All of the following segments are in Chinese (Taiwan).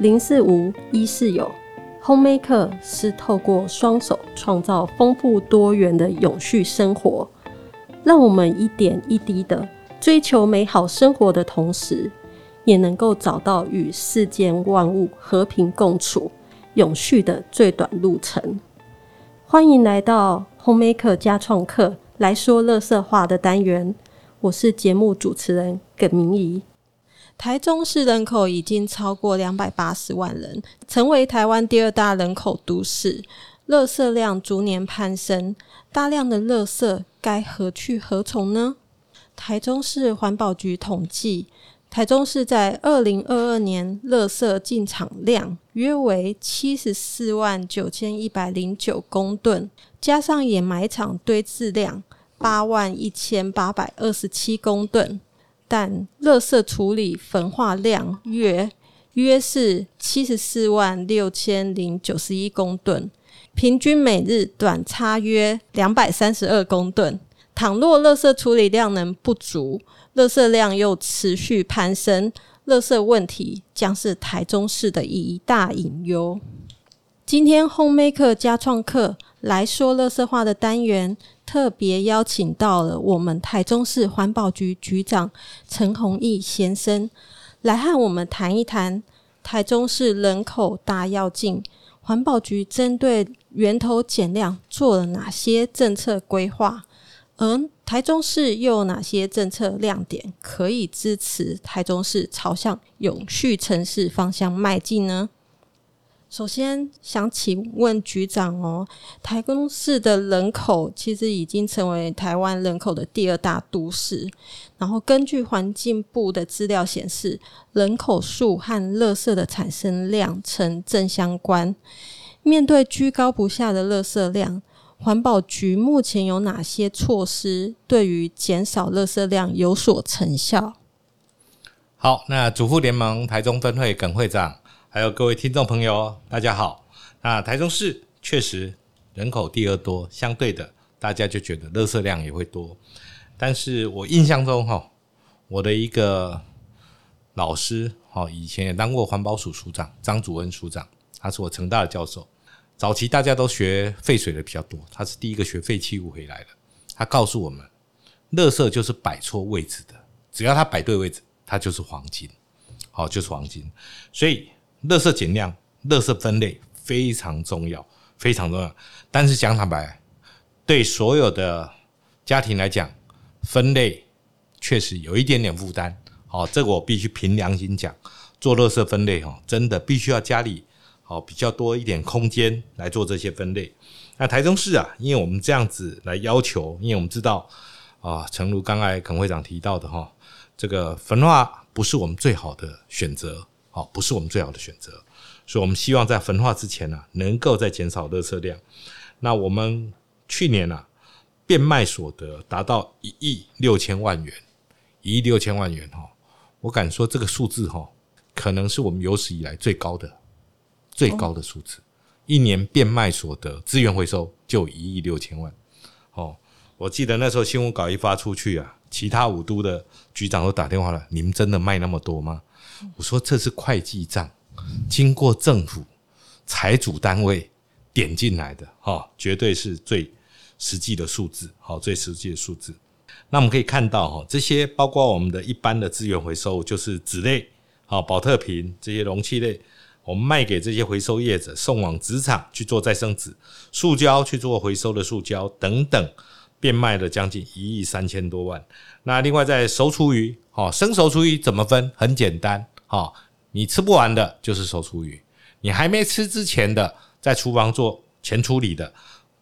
零是無，一是有。Homemaker 是透過雙手創造豐富多元的永續生活，讓我們一點一滴的追求美好生活的同時，也能夠找到與世間萬物和平共處、永續的最短路程。歡迎來到 Homemaker 家創客來説垃圾話的單元，我是節目主持人耿明儀。台中市人口已經超過兩百八十萬人，成為台灣第二大人口都市。垃圾量逐年攀升，大量的垃圾該何去何從呢？台中市環保局統計，台中市在二零二二年垃圾進場量約為七十四萬九千一百零九公噸，加上掩埋場堆置量八萬一千八百二十七公噸。但垃圾處理焚化量約約是七十四萬六千零九十一公噸，平均每日短差約兩百三十二公噸。倘若垃圾處理量能不足，垃圾量又持續攀升，垃圾問題將是台中市的一大隱憂。今天 Home Maker 加創客來說垃圾話的單元，特別邀請到了我們台中市環保局局長陳宏益先生，來和我們談一談，台中市人口大躍進，環保局針對源頭減量做了哪些政策規劃，而台中市又有哪些政策亮點，可以支持台中市朝向永續城市方向邁進呢？首先想請問局長哦、喔，台中市的人口其實已經成為台灣人口的第二大都市。然後根據環境部的資料顯示，人口數和垃圾的產生量呈正相關。面對居高不下的垃圾量，環保局目前有哪些措施對於減少垃圾量有所成效？好，那主婦聯盟台中分會耿會長。還有各位聽眾朋友，大家好。那台中市確實人口第二多，相對的，大家就覺得垃圾量也會多。但是我印象中，哈，我的一個老師，哈，以前也當過環保署署長，張祖恩署長，他是我成大的教授。早期大家都學廢水的比較多，他是第一個學廢棄物回來的。他告訴我們，垃圾就是擺錯位置的，只要他擺對位置，它就是黃金，好，就是黃金。所以。垃圾減量、垃圾分類非常重要，非常重要。但是講坦白，對所有的家庭來講，分類確實有一點點負擔。好、哦，這個我必須憑良心講，做垃圾分類哈、哦，真的必須要家裡好比較多一點空間來做這些分類。那台中市啊，因為我們這樣子來要求，因為我們知道啊，誠、哦、如剛才耿會長提到的哈、哦，這個焚化不是我們最好的選擇。哦，不是我們最好的選擇，所以我們希望在焚化之前呢、啊，能夠再減少垃圾量。那我們去年啊，變賣所得達到一億六千萬元，一億六千萬元哈、喔，我敢說這個數字哈、喔，可能是我們有史以來最高的最高的數字，一年變賣所得資源回收就一億六千萬。哦，我記得那時候新聞稿一發出去啊，其他五都的局長都打電話了，你們真的賣那麼多嗎？我說這是會計賬經過政府財主單位點進來的哈，絕對是最實際的數字，哈，最實際的數字。那我們可以看到哈，這些包括我們的一般的資源回收，就是紙類，哈，寶特瓶這些容器類，我們賣給這些回收業者，送往紙廠去做再生紙，塑膠去做回收的塑膠等等。變賣了將近一億三千多萬。那另外在熟廚餘，哦，生熟廚餘怎麼分？很簡單，哈，你吃不完的就是熟廚餘；你還沒吃之前的，在廚房做前處理的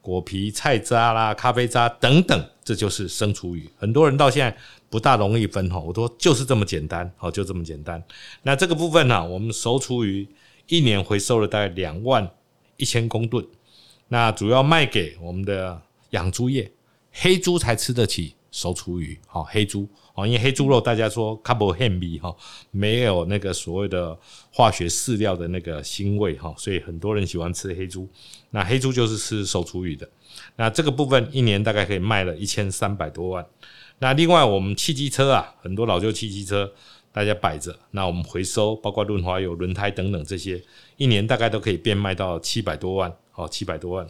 果皮、菜渣啦、咖啡渣等等，這就是生廚餘。很多人到現在不大容易分，哈，我說就是這麼簡單，哈，就這麼簡單。那這個部分呢，啊，我們熟廚餘一年回收了大概兩萬一千公噸，那主要賣給我們的養豬業。黑豬才吃得起熟廚餘，好黑豬，因為黑豬肉大家說比較沒腥味，沒有那個所謂的化學飼料的那個腥味哈，所以很多人喜歡吃黑豬。那黑豬就是吃熟廚餘的。那這個部分一年大概可以賣了一千三百多萬。那另外我們汽機車啊，很多老舊汽機車大家擺着，那我們回收包括潤滑油、輪胎等等這些，一年大概都可以變賣到七百多萬，好七百多萬。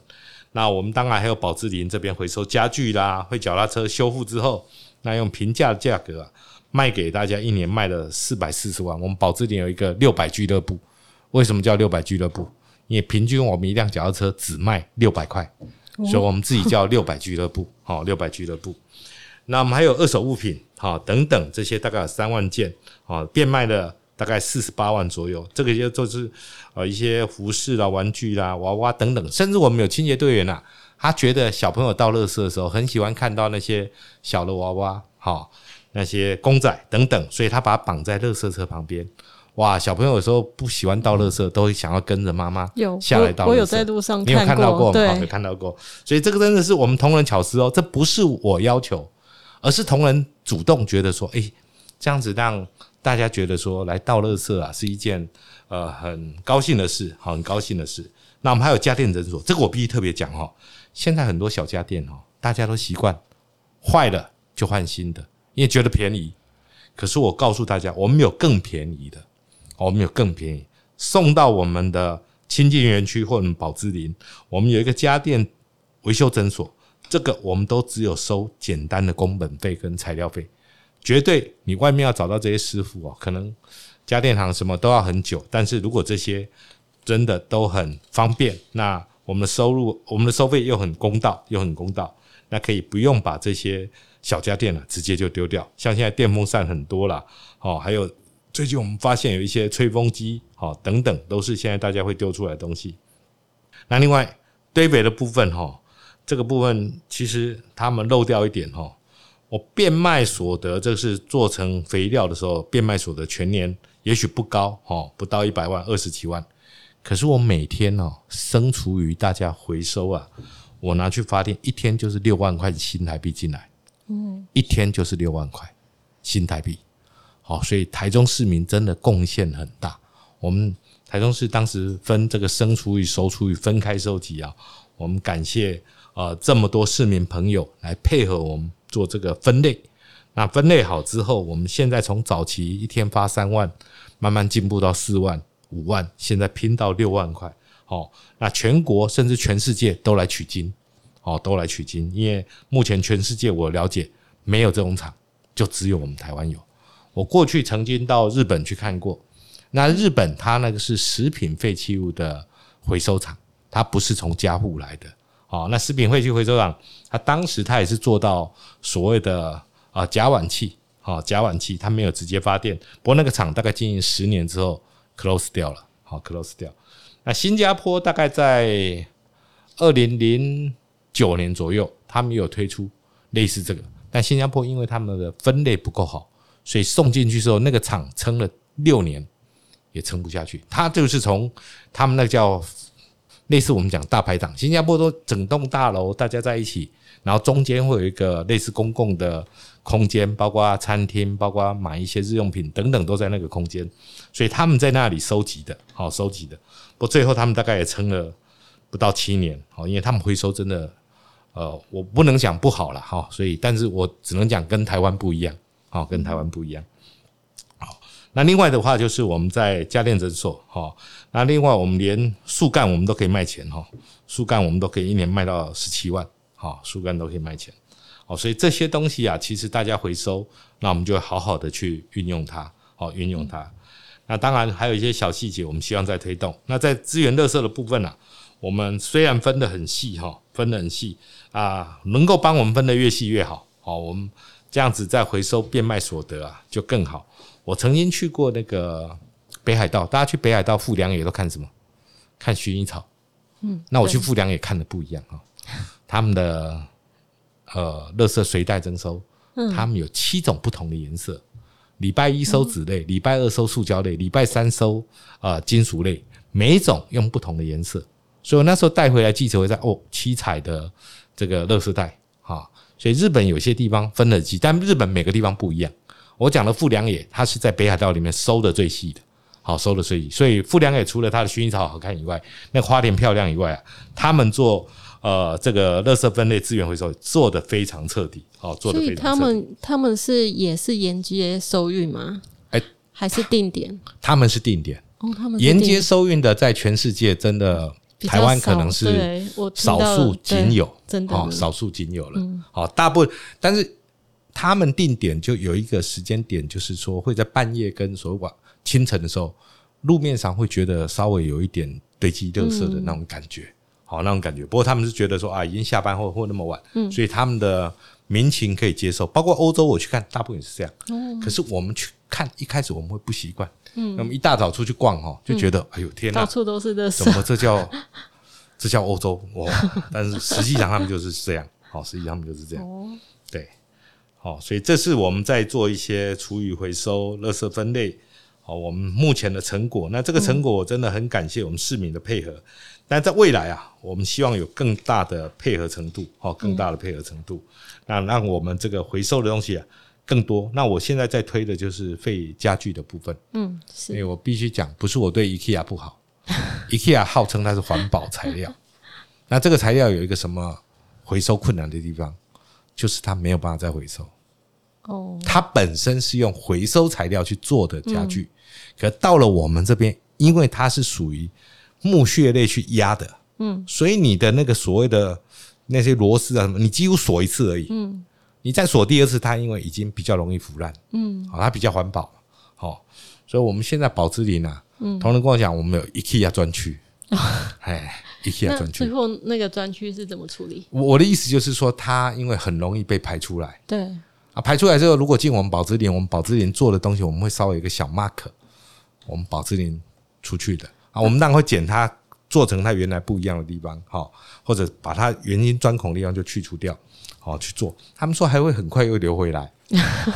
那我們當然還有寶之林這邊回收家具啦，會腳踏車修復之後，那用平價的價格、啊、賣給大家，一年賣了四百四十萬。嗯、我們寶之林有一個六百俱樂部，為什麼叫六百俱樂部？因為平均我們一輛腳踏車只賣六百塊，所以我們自己叫六百俱樂部。好、嗯，六 百、哦、俱樂部。那我們還有二手物品，好、哦，等等這些大概有三萬件，好、哦、變賣的。大概四十八萬左右，這個就就是呃一些服飾啦、玩具啦、娃娃等等，甚至我們有清潔隊員吶、啊，他覺得小朋友倒垃圾的時候，很喜歡看到那些小的娃娃、哈那些公仔等等，所以他把他綁在垃圾車旁邊。哇，小朋友有時候不喜歡倒垃圾，嗯、都會想要跟着媽媽下來倒垃圾，我，我有在路上沒有看到過嗎？有對看到過，所以這個真的是我們同仁巧思哦，這不是我要求，而是同仁主動覺得說，哎、欸，這樣子讓。大家覺得說，來倒垃圾啊是一件呃很高興的事，很高興的事。那我們還有家電診所，這個我必須特別講哦。現在很多小家電哦，大家都習慣壞了就換新的，因為覺得便宜。可是我告訴大家，我們有更便宜的，我們有更便宜，送到我們的清境園區或者寶之林，我們有一個家電維修診所，這個我們都只有收簡單的工本費跟材料費。絕對，你外面要找到這些師傅哦，可能家電行什麼都要很久。但是如果這些真的都很方便，那我們的收入，我們的收費又很公道，又很公道，那可以不用把這些小家電了，啊，直接就丟掉。像現在電風扇很多了，哦，還有最近我們發現有一些吹風機，哦，等等，都是現在大家會丟出來的東西。那另外堆肥的部分，哦，哈，這個部分其實他們漏掉一點，哦，哈。我變賣所得，這是做成肥料的時候變賣所得，全年也許不高哦，不到一百萬，二十七萬。可是我每天哦，生廚餘大家回收啊，我拿去發電，一天就是六萬塊新台幣進來，嗯，一天就是六萬塊新台幣。好、哦，所以台中市民真的貢獻很大。我們台中市當時分這個生廚餘、熟廚餘分開收集啊，我們感謝呃這麼多市民朋友來配合我們。做這個分類，那分類好之後，我們現在從早期一天發三萬，慢慢進步到四萬、五萬，現在拼到六萬塊。哦，那全國甚至全世界都來取經，哦，都來取經。因為目前全世界我了解沒有這種廠，就只有我們台灣有。我過去曾經到日本去看過，那日本它那個是食品廢棄物的回收廠，它不是從家戶來的。好，那食品廢棄回收廠，他當時他也是做到所謂的啊甲烷氣，好甲烷氣，他沒有直接發電。不過那個廠大概經營十年之後 close 掉了，好 close 掉。那新加坡大概在二零零九年左右，他們也有推出類似這個，但新加坡因為他們的分類不夠好，所以送進去之後，那個廠撐了六年也撐不下去。他就是從他們那個叫。類似我們講大排檔，新加坡都整棟大樓大家在一起，然後中間會有一個類似公共的空間，包括餐廳，包括買一些日用品等等都在那個空間，所以他們在那裡收集的，好、喔、收集的，不，最後他們大概也撐了不到七年、喔，因為他們回收真的，呃，我不能講不好了哈、喔，所以但是我只能講跟台灣不一樣，好、喔，跟台灣不一樣。那另外的話就是我們在家電診所哈，那另外我們連樹幹我們都可以賣錢哈，樹幹我們都可以一年賣到十七萬，哈，樹幹都可以賣錢，哦，所以這些東西啊，其實大家回收，那我們就好好的去運用它，哦，運用它。那當然還有一些小細節，我們希望再推動。那在資源垃圾的部分呢，我們雖然分得很細哈，分得很細啊，能夠幫我們分得越細越好，好，我們這樣子在回收變賣所得啊，就更好。我曾經去過那個北海道，大家去北海道富良野都看什麼？看薰衣草。嗯，那我去富良野看的不一樣啊、哦。他們的呃，垃圾隨袋徵收，嗯，他們有七種不同的顏色。禮拜一收紙類，禮拜二收塑膠類，禮拜三收啊、呃、金屬類，每一種用不同的顏色。所以我那時候帶回來記者會在哦七彩的這個垃圾袋啊、哦。所以日本有些地方分了級，但日本每個地方不一樣。我講的富良野，它是在北海道裡面收的最細的，好、哦、收的最細。所以富良野除了它的薰衣草好,好看以外，那花田漂亮以外啊，他們做呃這個垃圾分類資源回收做得非常徹底，好、哦、做得非常徹底。他們他們是也是沿街收運嗎？欸、還是定點,他們是定點、哦？他們是定點沿街收運的，在全世界真的台灣可能是少數僅有真的,的、哦、少數僅有了。好、嗯哦，大部分但是。他們定點就有一個時間點，就是說會在半夜跟所謂晚清晨的時候，路面上會覺得稍微有一點堆積垃圾的那種感覺、嗯好，好那種感覺。不過他們是覺得說啊，已經下班後或那麼晚，嗯，所以他們的民情可以接受。包括歐洲我去看，大部分是這樣。嗯、可是我們去看，一開始我們會不習慣，嗯，那麼一大早出去逛哦，就覺得、嗯、哎呦天哪，到處都是垃圾，什麼這叫 這叫歐洲？哦，但是實際上他們就是這樣，哦，實際上他們就是這樣。哦哦，所以這是我們在做一些廚餘回收、垃圾分類。好，我們目前的成果，那這個成果我真的很感謝我們市民的配合。但在未來啊，我們希望有更大的配合程度，哦，更大的配合程度，那讓我們這個回收的東西啊更多。那我現在在推的就是廢家具的部分。嗯，是，所以我必須講，不是我對 IKEA 不好。IKEA 號稱它是環保材料，那這個材料有一個什麼回收困難的地方？就是它沒有辦法再回收，它本身是用回收材料去做的家具，可到了我們這邊，因為它是屬於木屑類去壓的，嗯，所以你的那個所謂的那些螺絲啊什麼，你幾乎鎖一次而已，嗯，你再鎖第二次，它因為已經比較容易腐爛，嗯，好，它比較環保，好，所以我們現在寶芝林啊，同仁跟我講，我們有 IKEA 專區，哎。區，最後那個專區是怎麼處理？我的意思就是說，它因為很容易被排出來。對啊，排出來之後，如果進我們寶之林，我們寶之林做的東西，我們會稍微有一個小 mark，我們寶之林出去的啊，我們當然會剪它，做成它原來不一樣的地方，哈，或者把它原因鑽孔的地方就去除掉，啊，好去做。他們說還會很快又流回來。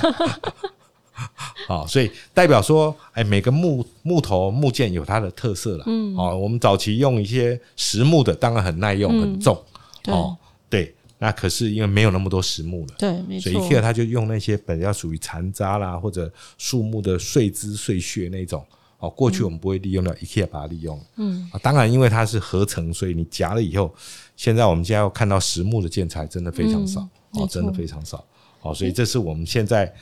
好、哦，所以代表說，哎，每個木木頭木件有它的特色了。嗯，好、哦，我們早期用一些實木的，當然很耐用，嗯、很重。哦，對，那可是因為沒有那麼多實木了。對，沒錯。所以 IKEA 他就用那些本要屬於殘渣啦，或者樹木的碎枝碎屑那種。哦，過去我們不會利用到、嗯、IKEA 把它利用了。嗯、啊，當然因為它是合成，所以你夾了以後，現在我們現在要看到實木的建材真的非常少，嗯、哦，沒錯，真的非常少。哦，所以這是我們現在。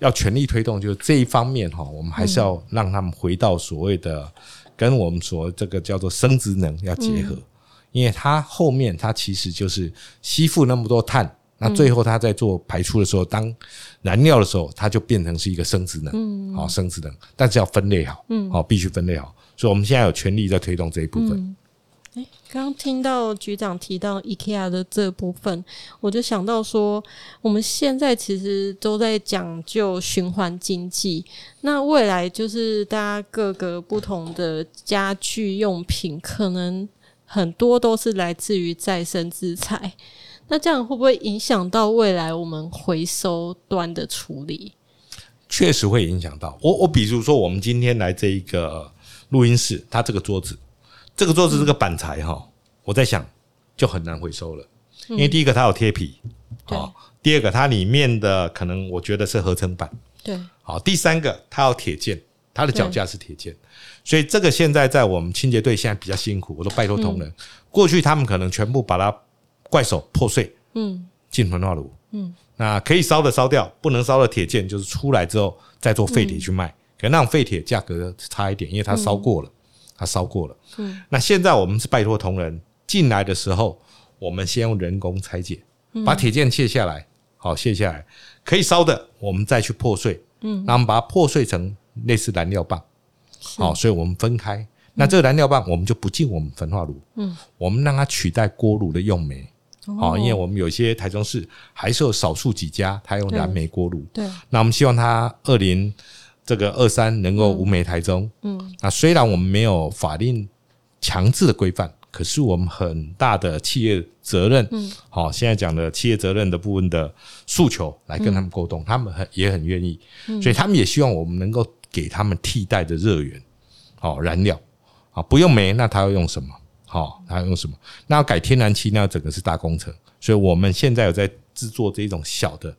要全力推動，就是這一方面哈，我們還是要讓他們回到所謂的跟我們所這個叫做生質能要結合，因為它後面它其實就是吸附那麼多碳，那最後它在做排出的時候，當燃料的時候，它就變成是一個生質能，好生質能，但是要分類好，好必須分類好，所以我們現在有全力在推動這一部分。剛聽到局長提到 IKEA 的這部分，我就想到說，我們現在其實都在講究循環經濟。那未來就是大家各個不同的家具用品，可能很多都是來自於再生之材。那這樣會不會影響到未來我們回收端的處理？確實會影響到我。我我比如說，我們今天來這一個錄音室，它這個桌子。這個桌子是個板材哈，我在想就很難回收了，因為第一個它有貼皮、嗯哦，第二個它裡面的可能我覺得是合成板，對，好，第三個它有鐵件，它的腳架是鐵件，所以這個現在在我們清潔隊現在比較辛苦，我說拜托同仁，過去他們可能全部把它怪手破碎，嗯、進焚化爐，嗯嗯、那可以燒的燒掉，不能燒的鐵件就是出來之後再做廢鐵去賣，嗯、可能那種廢鐵價格差一點，因為它燒過了。嗯它燒過了，那現在我們是拜托同仁進來的時候，我們先用人工拆解，把鐵件卸下來，好卸下來，可以燒的，我們再去破碎，嗯，那我們把它破碎成類似燃料棒，好，所以我們分開。那這個燃料棒我們就不進我們焚化爐，嗯，我們讓它取代鍋爐的用煤，好，因為我們有些台中市還是有少數幾家它用燃煤鍋爐，對，那我們希望它二零。這個二三能夠無煤台中，嗯，啊、嗯，那雖然我們沒有法令強制的規範，可是我們很大的企業責任，嗯、好、哦，現在講的企業責任的部分的訴求，來跟他們溝通，嗯、他們很也很願意，嗯、所以他們也希望我們能夠給他們替代的熱源，好、哦、燃料，啊、哦，不用煤，那他要用什麼？好、哦，他要用什麼？那要改天然氣，那要整個是大工程，所以我們現在有在制作這種小的。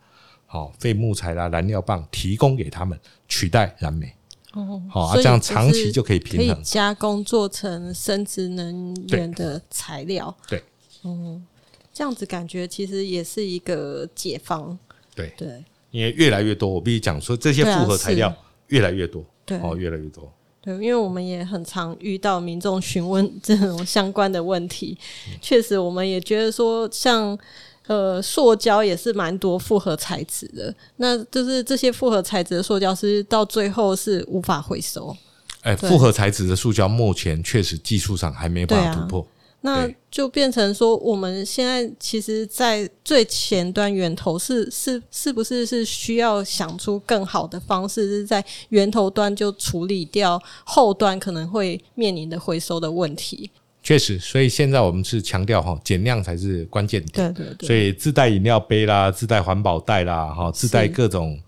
好廢木材啦，燃料棒提供給他們取代燃煤。哦，好啊，這樣長期就可以平衡，加工做成生質能源的材料，對，嗯，這樣子感覺其實也是一個解方，對對，對，因為越來越多，我必須講說這些複合材料越來越多，對哦，越來越多，對，因為我們也很常遇到民眾詢問這種相關的問題，確實我們也覺得說像。呃，塑膠也是蠻多複合材質的，那就是這些複合材質的塑膠是到最後是無法回收。哎、欸，複合材質的塑膠目前確實技術上還沒辦法突破、啊，那就變成說我們現在其實在最前端源頭是是是不是是需要想出更好的方式，是在源頭端就處理掉後端可能會面臨的回收的問題。確實，所以現在我們是強調哈，減量才是關鍵點。對對對。所以自帶飲料杯啦，自帶環保袋啦，哈，自帶各種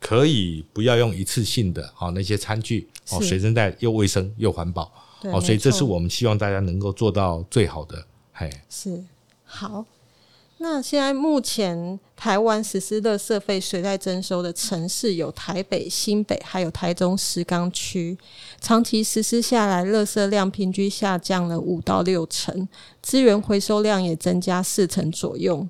可以不要用一次性的那些餐具哦，隨身帶又衛生又環保哦，對所以這是我們希望大家能夠做到最好的。嗨錯，嘿是好。那現在目前台灣實施垃圾費隨袋徵收的城市有台北、新北，還有台中石岡區。長期實施下來，垃圾量平均下降了五到六成，資源回收量也增加四成左右。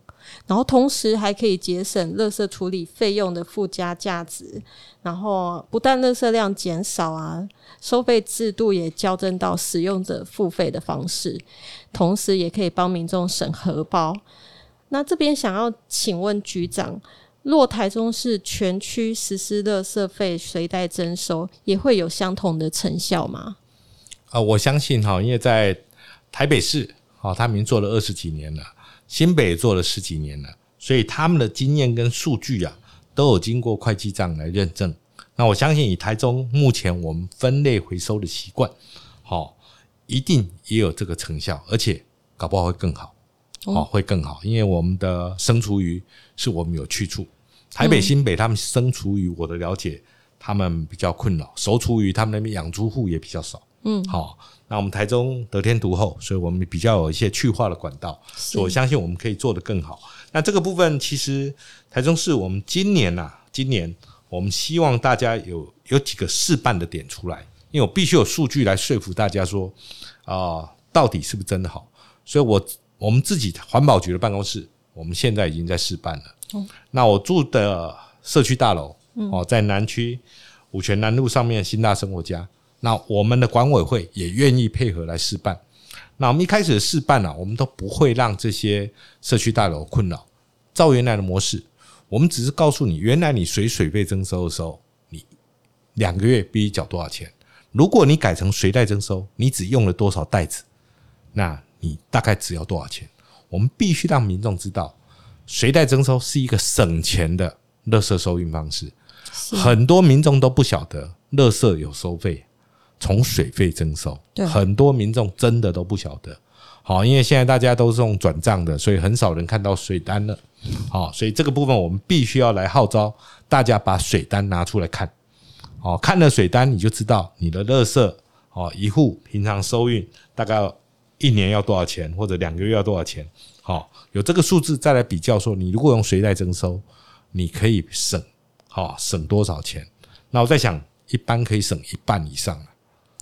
然後同時還可以節省垃圾處理費用的附加價值。然後不但垃圾量減少啊，收費制度也矯正到使用者付費的方式，同時也可以幫民眾省荷包。那這邊想要請問局長。若台中市全區實施垃圾費隨袋徵收，也會有相同的成效嗎？啊、呃，我相信哈、喔，因為在台北市啊、喔，他們已經做了二十幾年了，新北也做了十幾年了，所以他們的經驗跟數據啊，都有經過會計賬來認證。那我相信，以台中目前我們分類回收的習慣，好、喔，一定也有這個成效，而且搞不好會更好。哦，oh. 會更好，因為我們的生廚餘是我們有去處。台北、新北他們生廚餘，嗯、我的了解，他們比較困擾；熟廚餘，他們那邊養豬戶也比較少。嗯，好、哦，那我們台中得天獨厚，所以我們比較有一些去化的管道，是所以我相信我們可以做得更好。那這個部分，其實台中市我們今年吶、啊，今年我們希望大家有有幾個試辦的點出來，因為我必須有數據來說服大家說啊、呃，到底是不是真的好，所以我。我們自己環保局的辦公室，我們現在已經在試辦了。嗯、那我住的社區大樓，哦、嗯，在南區五權南路上面的新大生活家，那我們的管委會也願意配合來試辦。那我們一開始的試辦呢、啊，我們都不會讓這些社區大樓困擾。照原來的模式，我們只是告訴你，原來你隨水費水徵收的時候，你兩個月必須繳多少錢。如果你改成隨袋徵收，你只用了多少袋子，那。你大概只要多少錢？我們必須讓民眾知道，水費徵收是一個省錢的垃圾收運方式。很多民眾都不曉得，垃圾有收費，從水費徵收。很多民眾真的都不曉得。好，因為現在大家都是用轉賬的，所以很少人看到水單了。好，所以這個部分我們必須要來號召大家把水單拿出來看。哦，看了水單你就知道你的垃圾哦，一戶平常收運大概要。一年要多少錢，或者兩個月要多少錢？好，有這個數字再來比較說，你如果用隨袋徵收，你可以省、哦，好省多少錢？那我在想，一般可以省一半以上了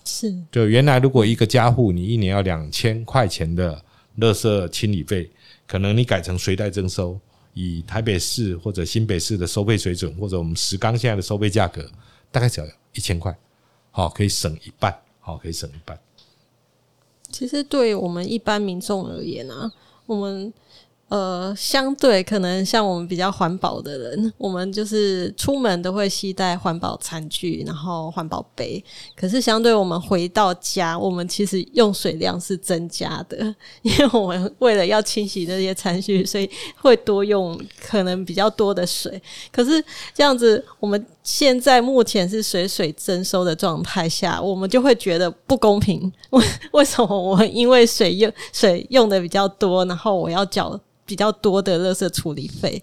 是，就原來如果一個家戶你一年要兩千塊錢的垃圾清理費，可能你改成隨袋徵收，以台北市或者新北市的收費水準，或者我們石岡現在的收費價格，大概只要一千塊，好，可以省一半、哦，好可以省一半。其實，對我們一般民眾而言啊，我們。呃，相對可能像我們比較環保的人，我們就是出門都會攜帶環保餐具，然後環保杯。可是相對我們回到家，我們其實用水量是增加的，因為我們為了要清洗這些餐具，所以會多用可能比較多的水。可是這樣子，我們現在目前是水水徵收的狀態下，我們就會覺得不公平。為為什麼我因為水用水用的比較多，然後我要繳？比較多的垃圾處理費，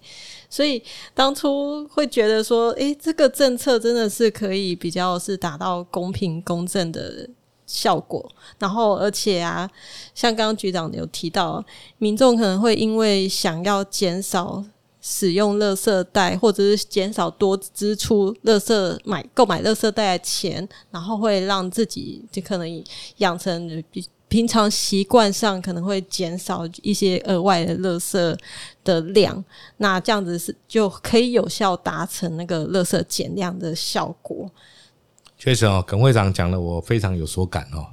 所以當初會覺得說，誒、欸，這個政策真的是可以比較是達到公平公正的效果。然後，而且啊，像剛剛局長有提到，民眾可能會因為想要減少使用垃圾袋，或者是減少多支出垃圾買購買垃圾袋的錢，然後會讓自己就可能養成比。平常習慣上可能會減少一些額外的垃圾的量，那這樣子是就可以有效達成那個垃圾減量的效果。確實哦、喔，耿會長講的我非常有所感哦、喔。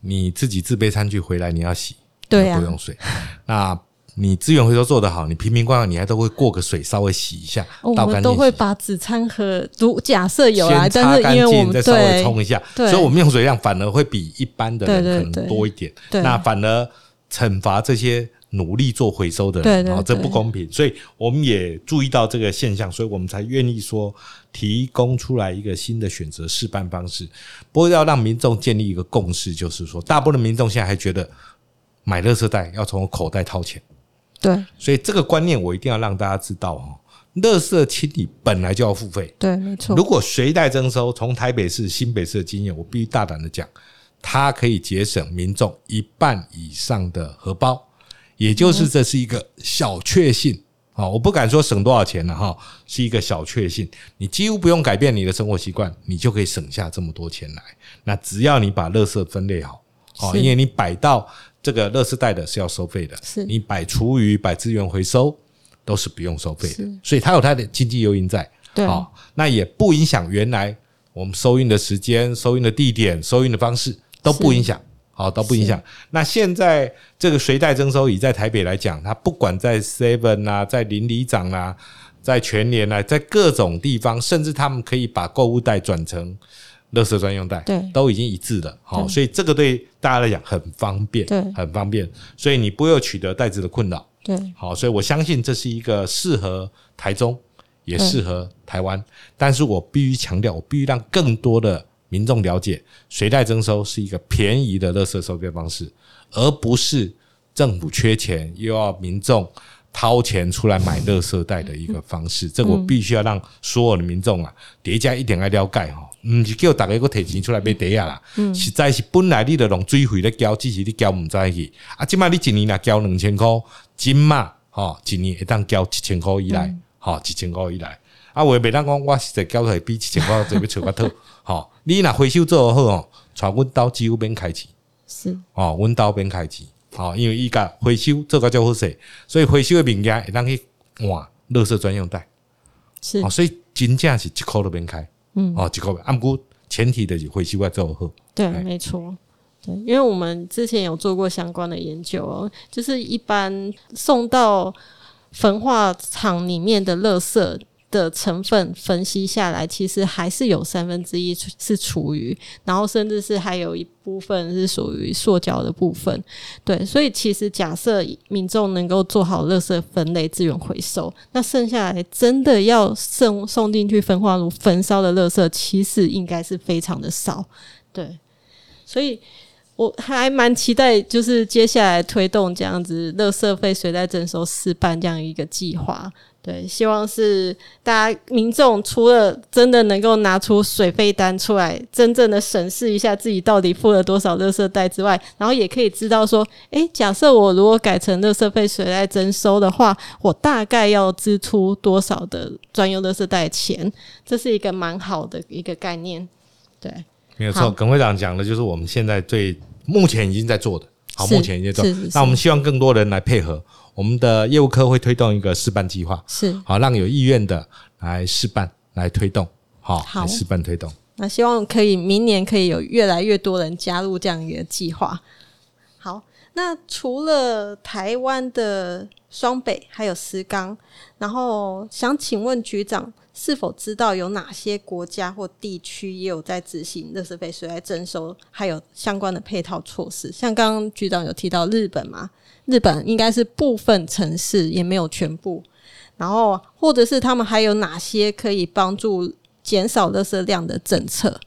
你自己自備餐具回來，你要洗，對啊，不用水。那。你資源回收做得好，你瓶瓶罐罐，你還都會過個水，稍微洗一下，哦、倒乾淨，洗一下我們都會把紙餐盒都假設有來擦乾淨，再稍微沖一下。對，所以我們用水量反而會比一般的人可能多一點。對對對對，那反而懲罰這些努力做回收的人。對對對，然後這不公平。對對對，所以我們也注意到這個現象，所以我們才願意說提供出來一個新的選擇試辦方式，不過要讓民眾建立一個共識，就是說大部分的民眾現在還覺得買垃圾袋要從口袋掏錢。對，所以這個觀念我一定要讓大家知道哈、喔，垃圾清理本來就要付費，對，沒錯。如果隨袋徵收，從台北市、新北市的經驗，我必須大膽地講，它可以節省民眾一半以上的荷包，也就是這是一個小確幸啊、喔，我不敢說省多少錢了哈，是一個小確幸，你幾乎不用改變你的生活習慣，你就可以省下這麼多錢來。那只要你把垃圾分類好，哦，因為你擺到。這個垃圾袋的是要收費的，是你擺廚餘、擺資源回收都是不用收費的，是所以它有它的經濟誘因在。對，好、哦，那也不影響原來我們收運的時間、收運的地點、收運的方式都不影響，好是、哦、都不影響。是那現在這個隨袋徵收，以在台北來講，它不管在 Seven 啊，在鄰里長啊，在全聯啊，在各種地方，甚至他們可以把購物袋轉成。垃圾專用袋，對，都已經一致了對，所以這個對大家來講很方便，對很方便，所以你不會有取得袋子的困擾，好對，所以我相信這是一個適合台中，也適合台灣，對但是我必須強調，我必須讓更多的民眾了解，隨袋徵收是一個便宜的垃圾收費方式，而不是政府缺錢又要民眾掏錢出來買垃圾袋的一個方式，這我必須要讓所有的民眾啊疊加一點來了解吼，嗯，不是叫大家又提錢出來買垃圾袋啦。嗯，實在是本來你都用水費的交，只是你交不知去、啊、現在去啊。今嘛你一年吶交兩千塊，今嘛哈一年會當交一千塊以內，哈一千塊以內。啊，我別當講我實在交台比一千塊這要取不透。好、 哦，你吶回收做得好後是哦，從阮兜幾乎不用開錢是啊，阮兜不用開錢。哦，因為伊甲回收做甲較好勢，所以回收的物件會當去換垃圾專用袋是哦，所以真正是一箍都免開，嗯哦，一箍啊毋過前提的就是回收過來做好。對，沒錯，對，因為我們之前有做過相關的研究哦，就是一般送到焚化廠裡面的垃圾。的成分分析下來，其實還是有三分之一是廚餘，然後甚至是還有一部分是屬於塑膠的部分。對，所以其實假設民眾能夠做好垃圾分類、資源回收，那剩下來真的要送送進去焚化爐焚燒的垃圾，其實應該是非常的少。對，所以。我還蠻期待，就是接下來推動這樣子垃圾費隨袋徵收試辦，這樣一個計劃，對，希望是大家民眾除了真的能夠拿出水費單出來，真正的審視一下自己到底付了多少垃圾袋之外，然後也可以知道說，哎，假設我如果改成垃圾費隨袋徵收的話，我大概要支出多少的專用垃圾袋的錢，這是一個蠻好的一個概念，對。沒有錯，耿好會長講的就是我們現在最目，是目前已經在做的，好目前已經在做。那我們希望更多人來配合，我們的業務科會推動一個試辦計劃，是好讓有意願的來試辦，來推動，好，好來試辦推動。那希望可以明年可以有越來越多人加入這樣一個計劃。那除了台灣的雙北還有石岡，然後想請問局長是否知道有哪些國家或地區也有在執行垃圾費隨袋來徵收，還有相關的配套措施？像剛剛局長有提到日本嘛，日本應該是部分城市也沒有全部，然後或者是他們還有哪些可以幫助減少垃圾量的政策？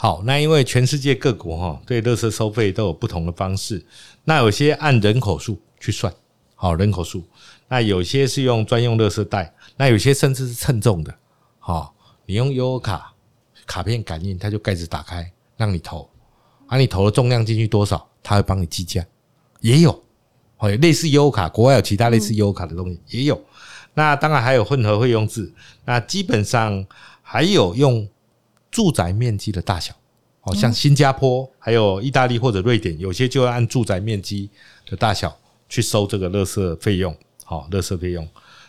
好，那因為全世界各國哈對垃圾收費都有不同的方式。那有些按人口數去算，好、哦、人口數。那有些是用專用垃圾袋，那有些甚至是稱重的。好、哦，你用 U 卡卡片感應，它就蓋子打開，讓你投。啊，你投的重量進去多少，它會幫你計價。也有，哦、有類似 U 卡，國外有其他類似 U 卡的東西、嗯、也有。那當然還有混合費用制，那基本上還有用住宅面積的大小。像新加坡，還有意大利或者瑞典，有些就要按住宅面積的大小去收這個垃圾費用。好，垃圾費用，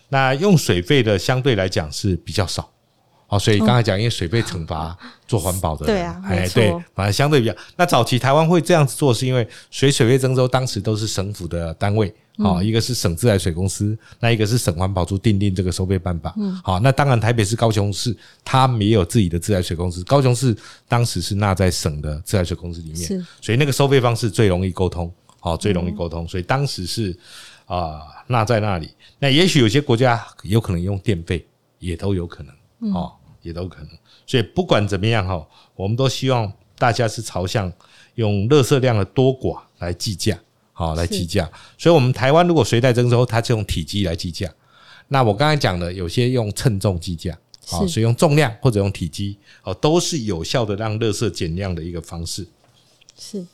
那用水費的相對來講是比較少。好，所以剛才講，因為水費懲罰做環保的人，嗯、對啊，哎，欸、對，反正相對比較。那早期台灣會這樣子做，是因為水水費徵收當時都是省府的單位，好、嗯，一個是省自來水公司，那一個是省環保局訂定，定這個收費辦法。嗯。好、哦，那當然台北市、高雄市，它沒有自己的自來水公司，高雄市當時是納在省的自來水公司裡面，是。所以那個收費方式最容易溝通，好、哦，最容易溝通，嗯、所以當時是啊納、呃、在那裡。那也許有些國家有可能用電費，也都有可能，好、哦嗯也都可能，所以不管怎麼樣哈，我們都希望大家是朝向用垃圾量的多寡來計價，好來計價。所以，我們台灣如果隨袋徵收，它是用體積來計價。那我剛才講的，有些用稱重計價，好，所以用重量或者用體積，哦，都是有效的讓垃圾減量的一個方式。是。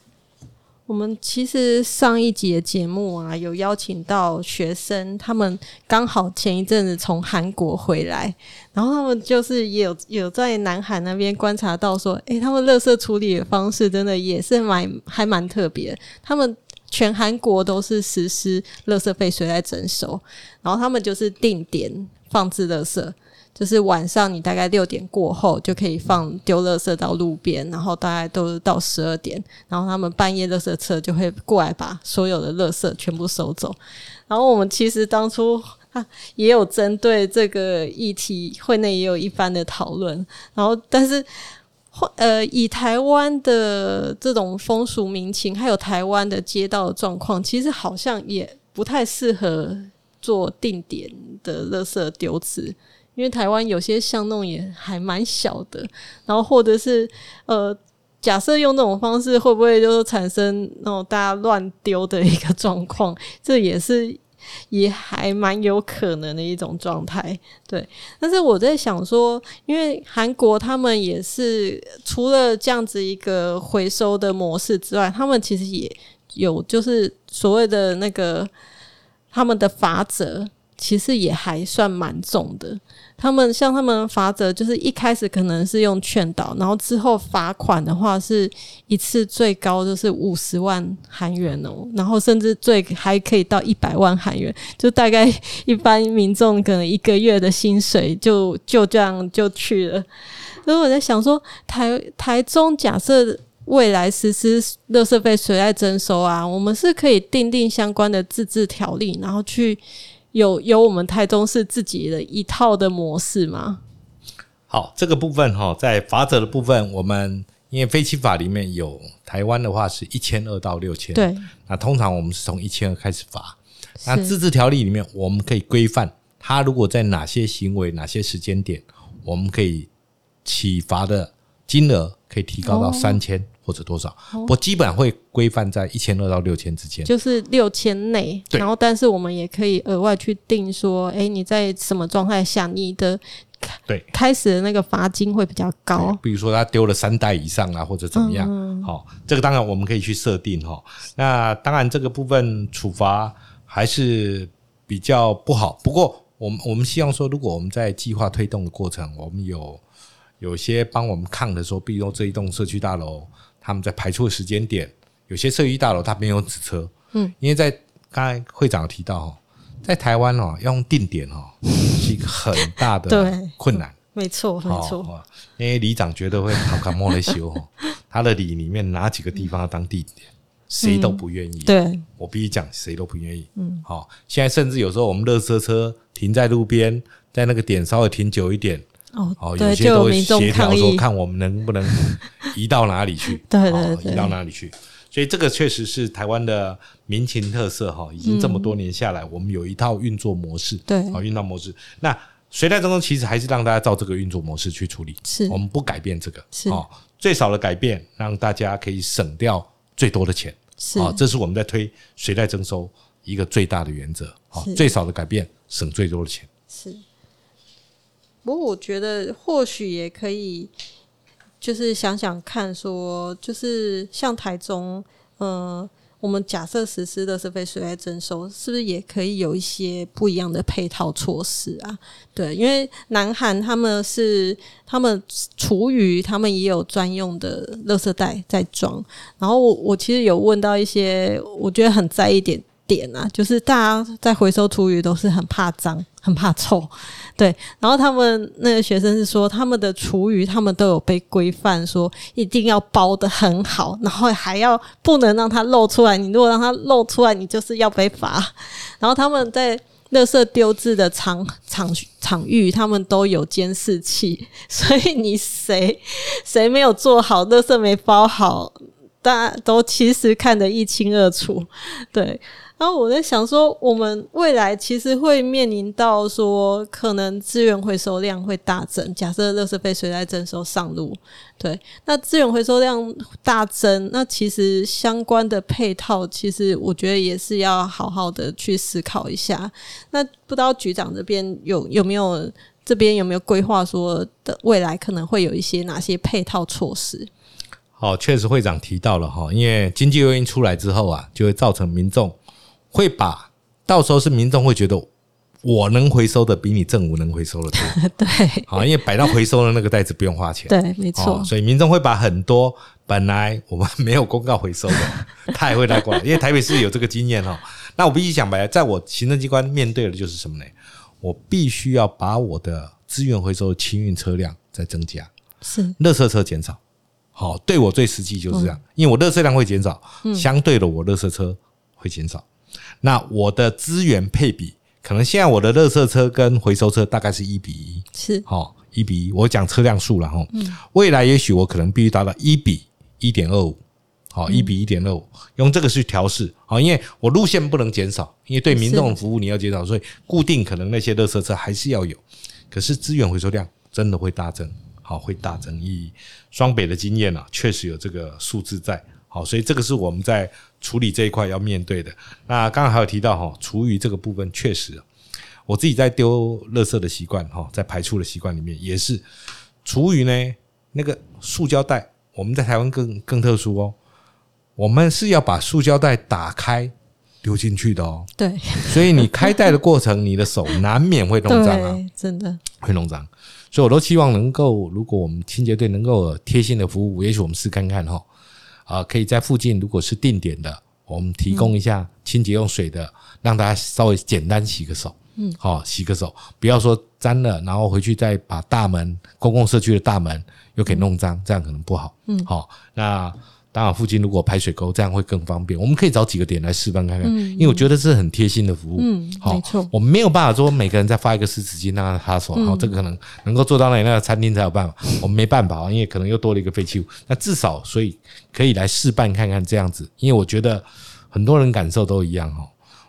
我們其實上一集的節目啊，有邀請到學生，他們剛好前一陣子從韓國回來，然後他們就是也有有在南韓那邊觀察到說，哎、欸，他們垃圾處理的方式真的也是蠻還蠻特別的，他們全韓國都是實施垃圾費隨袋徵收，然後他們就是定點放置垃圾。就是晚上你大概六點過後就可以放丟垃圾到路邊，然後大概都到十二點，然後他們半夜垃圾車就會過來把所有的垃圾全部收走。然後我們其實當初、啊、也有針對這個議題，會內也有一番的討論。然後但是，呃，以台灣的這種風俗民情，還有台灣的街道狀況，其實好像也不太適合做定點的垃圾丟置。因為台灣有些巷弄也還蠻小的，然後或者是呃，假設用這種方式會不會就產生那種大家亂丟的一個狀況？這也是也還蠻有可能的一種狀態，對。但是我在想說，因為韓國他們也是除了這樣子一個回收的模式之外，他們其實也有就是所謂的那個他們的法則。其實也還算蠻重的。他們像他們罰則，就是一開始可能是用勸導，然後之後罰款的話是一次最高就是五十萬韓元哦，然後甚至最還可以到一百萬韓元，就大概一般民眾可能一個月的薪水就就這樣就去了。所以我在想說，台台中假設未來實施垃圾費隨袋徵收啊，我們是可以訂定相關的自治條例，然後去。有有我們臺中市自己的一套的模式嗎？好，這個部分哈，在罰則的部分，我們因為廢清法裡面有台灣的話是一千二到六千，對，那通常我們是從一千二開始罰。是那自治條例裡面，我們可以規範他如果在哪些行為、哪些時間點，我們可以起罰的。金額可以提高到三千，或者多少？我基本上會規範在一千二到六千之間，就是六千內。對，對，然後但是我們也可以額外去定說，哎、欸，你在什麼狀態下你的對開始的那個罰金會比較高？比如說他丟了三袋以上啊，或者怎麼樣？好、嗯嗯喔，這個當然我們可以去設定哈、喔。那當然這個部分處罰還是比較不好。不過我們我們希望說，如果我們在計劃推動的過程，我們有。有些幫我們看的時候，比如說這一棟社區大樓，他們在排出的時間點。有些社區大樓它沒有子車，嗯，因為在剛才會長提到哈，在台灣哦，要用定點哦，是一個很大的困難，沒錯、 嗯，沒錯。沒錯，因為里長覺得會頭殼摸咧燒， 他的里裡面哪幾個地方要當地點，誰、嗯、都不願意。對、嗯，我必須講，誰都不願意。嗯，好，現在甚至有時候我們垃圾車停在路邊，在那個點稍微停久一點。哦，oh, 對，有些都會協調說，看我們能不能移到哪裡去， 對，對對，移到哪裡去？所以這個確實是台灣的民情特色哈，已經這麼多年下來，嗯、我們有一套運作模式，對，運作模式。那隨袋徵收其實還是讓大家照這個運作模式去處理，是，我們不改變這個，是，最少的改變，讓大家可以省掉最多的錢，是，這是我們在推隨袋徵收一個最大的原則，是最少的改變省最多的錢，是。不過我覺得或許也可以，就是想想看，說就是像台中，嗯，我們假設實施垃圾費誰來徵收，是不是也可以有一些不一樣的配套措施啊？對，因為南韓他們是他們廚餘，他們也有專用的垃圾袋在裝。然後我我其實有問到一些，我覺得很在意點。點啊，就是大家在回收廚餘都是很怕髒、很怕臭，對。然後他們那個學生是說，他們的廚餘他們都有被規範，說一定要包得很好，然後還要不能讓它漏出來。你如果讓它漏出來，你就是要被罰。然後他們在垃圾丟置的場場場域，他們都有監視器，所以你誰誰沒有做好垃圾沒包好，大家都其實看得一清二楚，對。然後我在想說，我們未來其實會面臨到說，可能資源回收量會大增。假設垃圾費隨袋徵收上路，對，那資源回收量大增，那其實相關的配套，其實我覺得也是要好好的去思考一下。那不知道局長這邊有有沒有這邊有沒有規劃說的未來可能會有一些哪些配套措施？好，確實會長提到了哈，因為經濟原因出來之後啊，就會造成民眾。會把到時候是民眾會覺得，我能回收的比你政府能回收的多。對，啊因為擺到回收的那個袋子不用花錢。對，沒錯。所以民眾會把很多本來我們沒有公告回收的，他也會拿過來。因為台北市有這個經驗哦。那我必須講白，在我行政機關面對的就是什麼呢？我必須要把我的資源回收的清運車輛再增加，是垃圾車減少。好，對我最實際就是這樣，因為我垃圾量會減少，相對的我垃圾車會減少。那我的資源配比，可能現在我的垃圾車跟回收車大概是一比一，是好一比一。我講車輛數了哈，未來也許我可能必須達到一比一點二五，好一比一點二五，用這個去調試。好，因為我路線不能減少，因為對民眾的服務你要減少，所以固定可能那些垃圾車還是要有。可是資源回收量真的會大增，好會大增意義。雙北的經驗啊，確實有這個數字在。好，所以這個是我們在處理這一塊要面對的。那剛剛還有提到哈，廚餘這個部分，確實我自己在丟垃圾的習慣哈，在排出的習慣裡面也是廚餘呢。那個塑膠袋，我們在台灣更更特殊哦、喔，我們是要把塑膠袋打開丟進去的哦。對，所以你開袋的過程，你的手難免會弄髒啊，真的會弄髒。所以，我都希望能夠，如果我們清潔隊能夠有貼心的服務，也許我們試看看哈。啊、呃，可以在附近，如果是定點的，我們提供一下清潔用水的，嗯、讓大家稍微簡單洗個手，嗯，好、哦、洗個手，不要說沾了，然後回去再把大門、公共社區的大門又給弄髒，嗯、這樣可能不好，嗯，好、哦，那。當然，附近如果排水溝，這樣會更方便。我們可以找幾個點來示範看看，嗯、因為我覺得是很貼心的服務。嗯，哦、沒錯。我沒有辦法說每個人再發一個濕紙巾讓他擦手、嗯哦，這個可能能夠做到那裡，那個餐廳才有辦法。嗯、我們沒辦法啊，因為可能又多了一個廢棄物。那至少，所以可以來示範看看這樣子，因為我覺得很多人感受都一樣哦。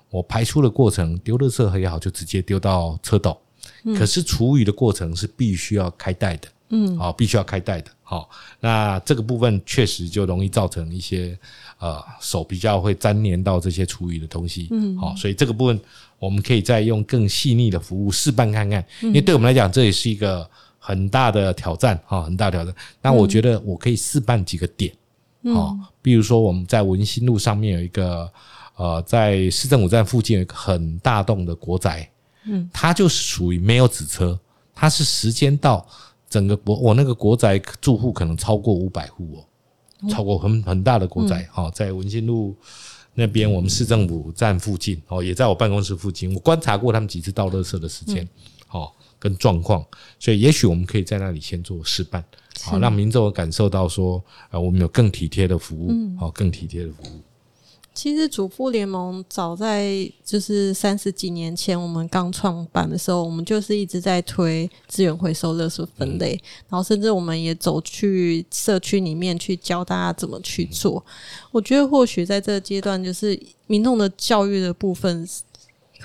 我排出的過程丟垃圾盒也好，就直接丟到車斗。嗯。可是廚餘的過程是必須要開袋的。嗯。好、哦，必須要開袋的。好、哦，那這個部分確實就容易造成一些呃手比較會粘黏到這些廚餘的東西，嗯，好、哦，所以這個部分我們可以再用更細膩的服務試辦看看，嗯、因為對我們來講這也是一個很大的挑戰，哈、哦，很大的挑戰。那我覺得我可以試辦幾個點。嗯、哦，比如說我們在文心路上面有一個呃，在市政府站附近有一個很大棟的國宅，嗯，它就是屬於沒有子車，它是時間到。整個我我那個國宅住戶可能超過五百戶哦，超過很很大的國宅哦，在文心路那邊，我們市政府站附近哦，也在我辦公室附近，我觀察過他們幾次倒垃圾的時間哦跟狀況，所以也許我們可以在那裡先做示範，好讓民眾感受到說，啊我們有更體貼的服務哦，更體貼的服務。其實，主婦聯盟早在就是三十幾年前，我們剛創辦的時候，我們就是一直在推資源回收、垃圾分類，然後甚至我們也走去社區裡面去教大家怎麼去做。我覺得，或許在這個階段，就是民眾的教育的部分，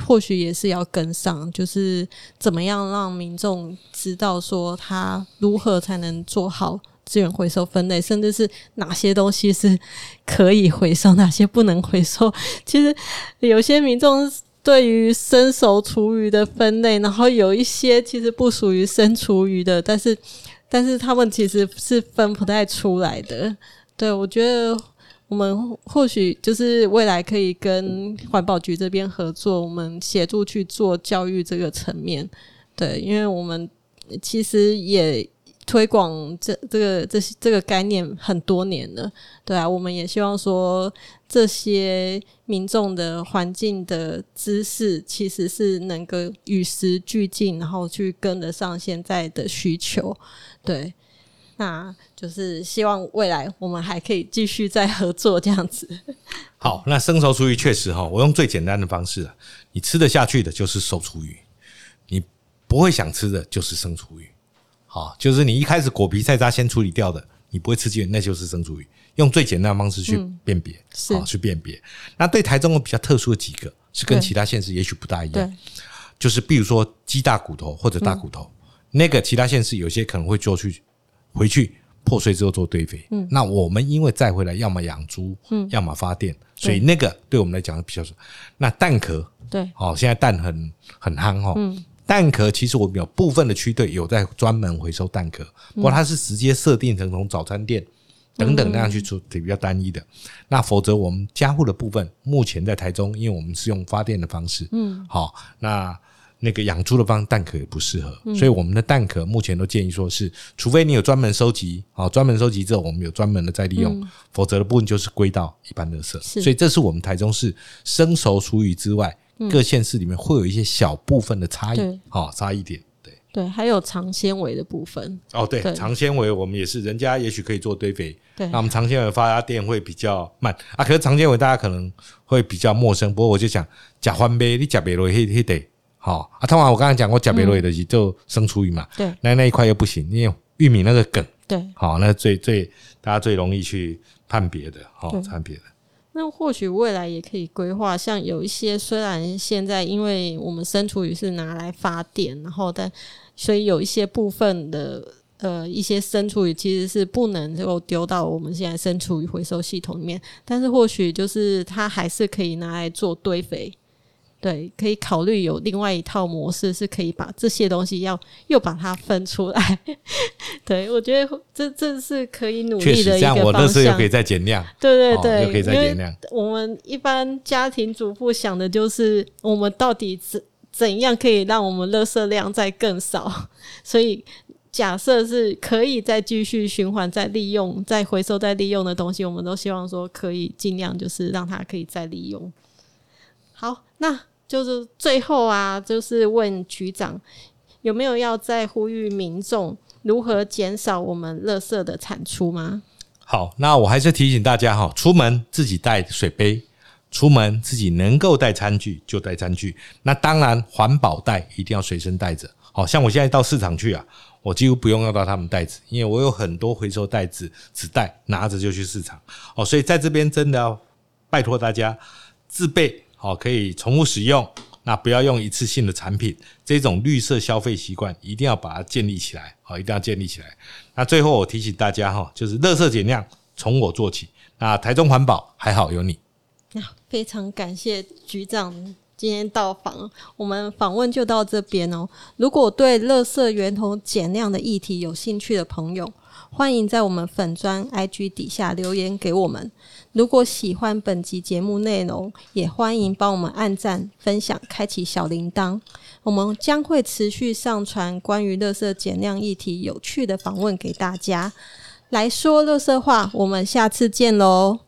或許也是要跟上，就是怎麼樣讓民眾知道說他如何才能做好。資源回收分類，甚至是哪些東西是可以回收，哪些不能回收。其實有些民眾對於生熟廚餘的分類，然後有一些其實不屬於生廚餘的，但是但是他們其實是分不太出來的。對，我覺得我們或許就是未來可以跟環保局這邊合作，我們協助去做教育這個層面。對，因為我們其實也。推廣這這個這些這個概念很多年了，對啊，我們也希望說這些民眾的環境的知識其實是能夠與時俱進，然後去跟得上現在的需求。對，那就是希望未來我們還可以繼續再合作這樣子。好，那生熟廚餘確實哈，我用最簡單的方式，你吃得下去的就是熟廚餘，你不會想吃的就是生廚餘。好，就是你一開始果皮菜渣先處理掉的，你不會吃進，那就是生廚餘。用最簡單的方式去辨別。嗯，是。好，去辨別。那對台中的比較特殊的幾個，是跟其他縣市也許不大一樣。對，就是比如說雞大骨頭或者大骨頭，嗯。那個其他縣市有些可能會做去回去破碎之後做堆肥。嗯，那我們因為再回來要嘛養豬，要麼養豬，嗯，要麼發電，對所以那個對我們來講比較少。那蛋殼，對，哦，現在蛋很很夯哦。嗯。蛋殼其實我們有部分的區隊有在專門回收蛋殼，不過它是直接設定成從早餐店等等那樣去做，比較單一的。那否則我們家戶的部分，目前在台中，因為我們是用發電的方式，嗯，好，那那個養豬的方式蛋殼也不適合，所以我們的蛋殼目前都建議說是，除非你有專門收集，好，專門收集之後我們有專門的再利用，否則的部分就是歸到一般垃圾是的色。所以這是我們台中市生熟廚餘之外。各縣市裡面會有一些小部分的差異對，好、哦、差異點，對對，還有長纖維的部分哦，對，對長纖維我們也是，人家也許可以做堆肥，對，那我們長纖維發電會比較慢對啊。可是長纖維大家可能會比較陌生，不過我就講甲歡唄你甲貝羅也嘿嘿，得，好、哦、啊。通常我剛才講過甲貝羅的就生廚餘嘛，嗯、對，那那一塊又不行，因為玉米那個梗，對，好、哦，那最最大家最容易去判別的，好、哦、對判別的。那或許未來也可以規劃，像有一些雖然現在因為我們生廚餘是拿來發電，然後但所以有一些部分的呃一些生廚餘其實是不能夠丟到我們現在生廚餘回收系統裡面，但是或許就是它還是可以拿來做堆肥。對，可以考慮有另外一套模式，是可以把這些東西要又把它分出來。 對，我覺得這這是可以努力的一個方向。確實，這樣，我垃圾也可以再減量。對對對，哦、也可以再減量。因為我們一般家庭主婦想的就是，我們到底怎怎樣可以讓我們垃圾量再更少？所以假設是可以再繼續循環、再利用、再回收、再利用的東西，我們都希望說可以盡量就是讓它可以再利用。好，那。就是最後啊，就是問局長有沒有要再呼籲民眾如何減少我們垃圾的產出嗎？好，那我還是提醒大家哈，出門自己帶水杯，出門自己能夠帶餐具就帶餐具。那當然環保袋一定要隨身帶着。好像我現在到市場去啊，我幾乎不用要到他們袋子，因為我有很多回收袋子只、紙袋拿着就去市場。哦，所以在這邊真的要拜託大家自備。好，可以重複使用，那不要用一次性的產品。這種綠色消費習慣一定要把它建立起來，好，一定要建立起來。那最後我提醒大家哈，就是垃圾減量從我做起。那台中環保還好有你，非常感謝局長今天到訪，我們訪問就到這邊哦、喔。如果對垃圾源頭減量的議題有興趣的朋友，歡迎在我們粉專 IG 底下留言給我們。如果喜歡本集節目內容，也歡迎幫我們按讚、分享、開啟小鈴鐺。我們將會持續上傳關於垃圾減量議題有趣的訪問給大家。來說垃圾話，我們下次見嘍！